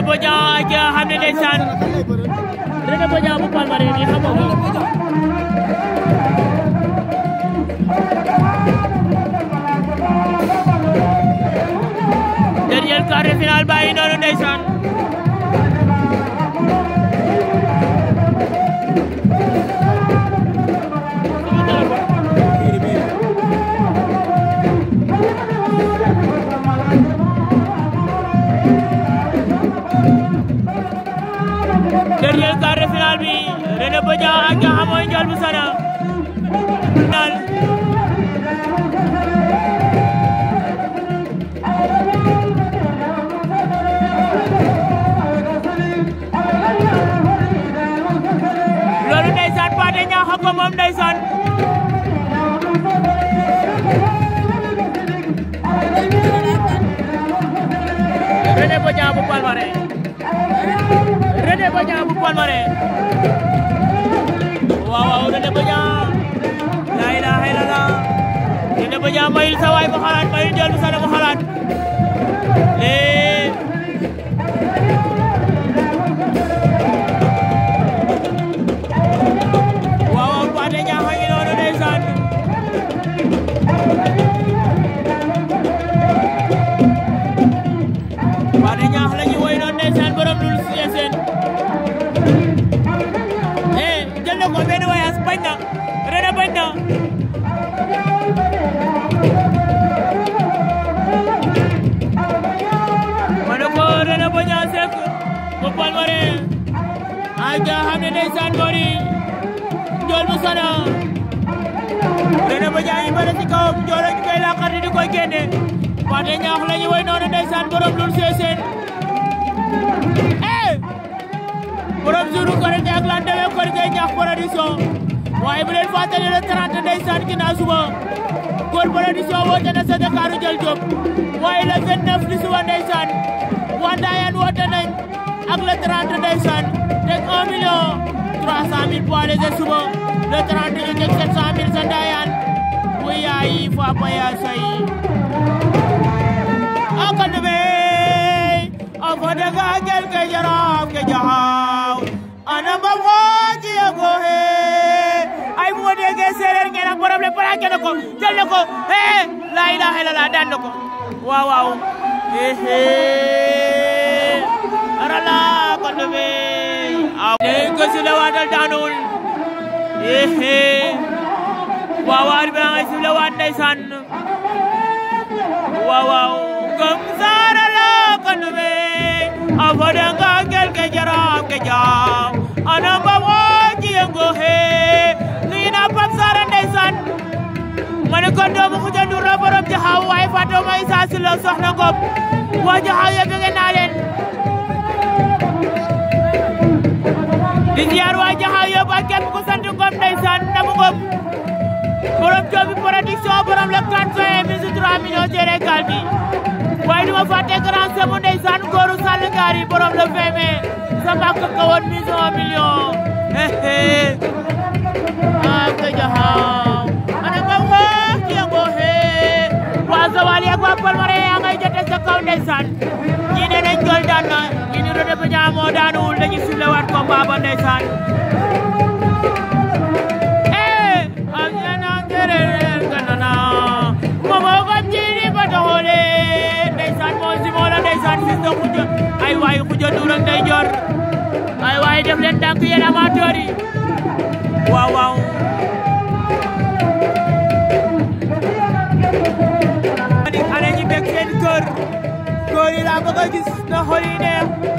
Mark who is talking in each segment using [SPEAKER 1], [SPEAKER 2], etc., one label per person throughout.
[SPEAKER 1] René Bodia ak ki nga xam ne ndeysaan René Bodia bu Palmarin yi xamoo ko dernier noonu ndeysaan mooy loolu ndeysaan Pathé Niakha ko moom ndeysaan René Bodian bu Palmarin René bu Palmarin Boy Niang mayil sa waay ma xalaat mayil jël bu sa ne aja xam ne ndeysaan bori njool mu sana Dieynaba Ndiaye mbëre ci kawam njool a ngi koy làqati di koy génne waate ñaax la ñu woy noonu ndeysaan borom lul seeseen eh borom suuru korite ak lan demee korite ñaax production waaye bu leen fàttali le 30 ndeysaan ginnaaw suba góor production woote na sa Dakaaru jël job waaye le 29 di suba ndeysaan wandaayan woote nañ ak le 30 ndeysaan teg 1 million 300 mille poids léger suba le 31 teg 700 mille sa ndaayaan bu yaayi fa ba yaa soyi akad be a fo daga gel ke jaraaf ke jaxaaw ana ba fo ci yago he ay mo dege sereer ngeen ak borom le para kene ko jël na ko he la ilaha illallah daan na ko waaw waaw he he arala akad be ne ko la waatal daanuwul waaw waaw arbitre ngay sifle waat ndeysaan waaw waaw ngom saara la kandume a fode nga gel ke jaram ke jam ana mbawo jiyengo he nuyu naa Pape Saara ndeysaan ma ne ko doomu xuja du ra borom jaxaw waaye Fatoma Issa Sylla soxna Ngom waa jaxaw yo bëgg naa leen ziar waa Jaxaay yëpp ak képp ku sant Ngom ndeysaan Ndamu Ngom borom Joobi production borom le 4 juin 2003 millions Sénégal bi waaye du ma fàtte grand semo ndeysaan góoru Sall Ngari borom le 20 mai sa mbàkk ka woon mise en million ah ka Jaxaaw ana ma woo ki yëngoo hee waa Zawal ak waa Palmarin yaa ngay jote sa kaw ndeysaan Bodian moo daanuwul dañuy sifle waat combat ba ndeysaan eh am na ngereer ganana momo ko jiri ba doxole ndeysaan moo si moo la ndeysaan fils de Khoudia ay waay Khoudia Ndour ak Ndey Joor ay waay def leen tànk yéen amateur yi waaw waaw ani xale ñi bekk seen kër kër yi laa bëgg a gis na xol yi neex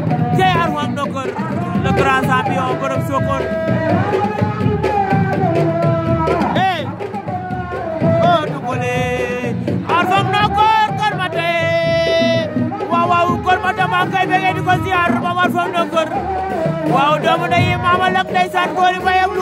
[SPEAKER 1] le grand champion borom Sokone eh oh Double ar foog na góor Kor Maté waaw waaw Kor Maté maa ngi koy bëggee di ko ziar moom ar foog na góor waaw doomu ndeyi maama lak ndeysaan góor yi bayam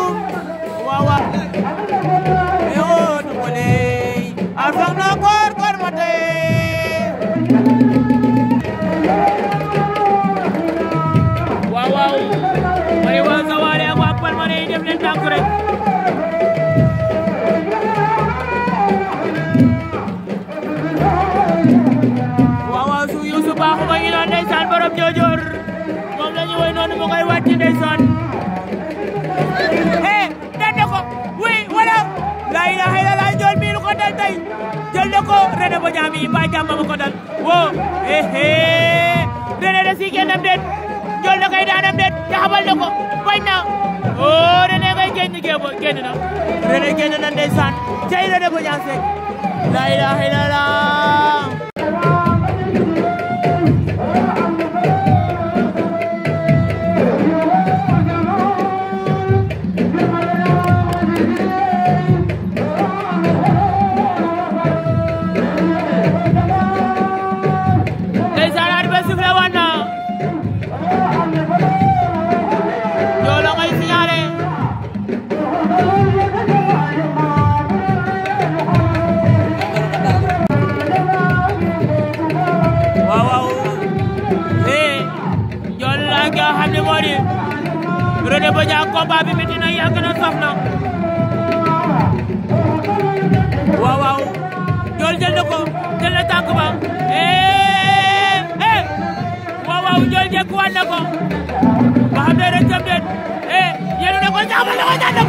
[SPEAKER 1] mu ngay wàcc ndeysaan eh dal na ko oui wala la ilaha illallah Ndiol mii lu ko dal tey jël na ko René Bodian mii ba jàmm ma ko dal woo eh eh René da si génnam déet Ndiol da koy daanam déet jaxabal na ko bañ na oh René ngay génn génn na René génn na ndeysaan cey René Bodian Seck la ilaha illallah Bébé Badiane combat bi metti na yàgg na saf na waaw waaw Ndiol jël na ko jël na tànk ba eh eh waaw waaw Ndiol jékkuwaat na ko ba xam ne rek jëm déet eh yéen a ne ko jaaxal na ko jaaxal na ko